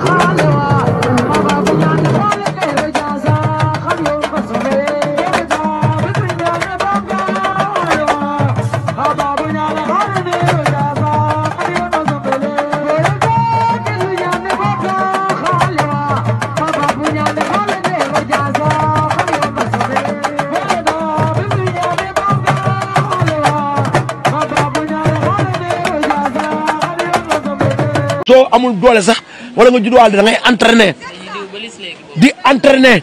Aha! doo amul doole sax wala nga juddoo da ngay entraîner di entraîner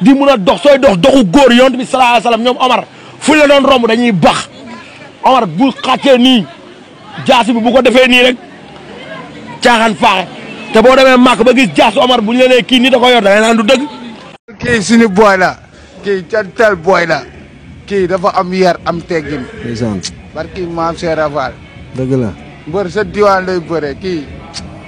di mun dox soy dox doxu goor yoon bi sallallahu alayhi wasallam ñom Omar fu la doon romb dañuy bax Omar bu xàccee ni jaasi bi bu ko defee ni rek caaxaan faax te bo démé mak ba gis jaas Omar bu ñu la nee kii nii da ko yor da ngay du dëgg. ki suñu boy la kii jantal boy la ki dafa am yar am teggin. barki maam Cheikh Rafal. dëgg la. mbër sa diwan lay bëree ki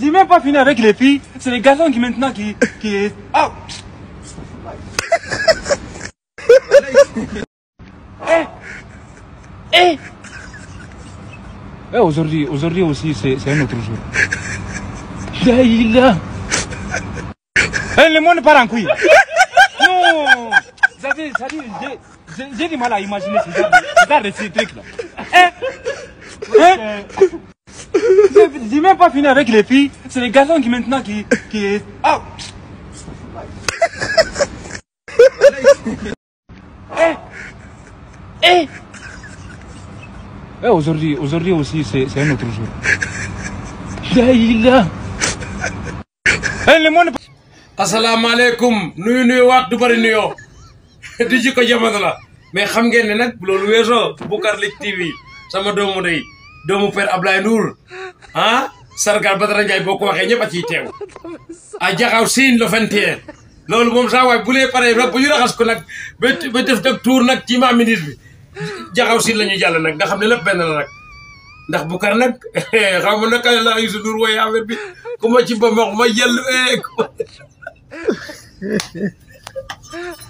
J'ai même pas fini avec les filles. C'est les garçons qui maintenant qui. qui... Ah Eh Eh eh, aujourd'hui, aujourd'hui aussi, c'est un autre jour. a... Eh, le monde part en couille Non j'ai du mal à imaginer ce genre de truc là. Eh, eh! J'ai même pas fini avec les filles. C'est les garçons qui maintenant qui. qui... Ah eh eh eh aujourd'hui, aujourd'hui aussi, c'est un autre jour. Laïla hey, eh, le monde. Assalamu alaikum. Nuyu nuyu waat du bari nuyo. di jikko la. mais xam ngeen ne nag loolu weesoo Boucar Lick TV sama doomu day. doomu père Ablaye Ndour ah sargal Badara Ndiaye boo ko waxee ñëpp a ciy teew a jaxaw siin le 21 loolu moom saa waay bu lee paree nag bu ñu raxas ko nag ba def nag tour nag ci ma minute bi jaxaw siin la ñuy jàll nag nga xam ne lépp benn na nag ndax bu kar nag xaw ma naka la Youssou Ndour wooye affaire bi ku ma ci ba ma jël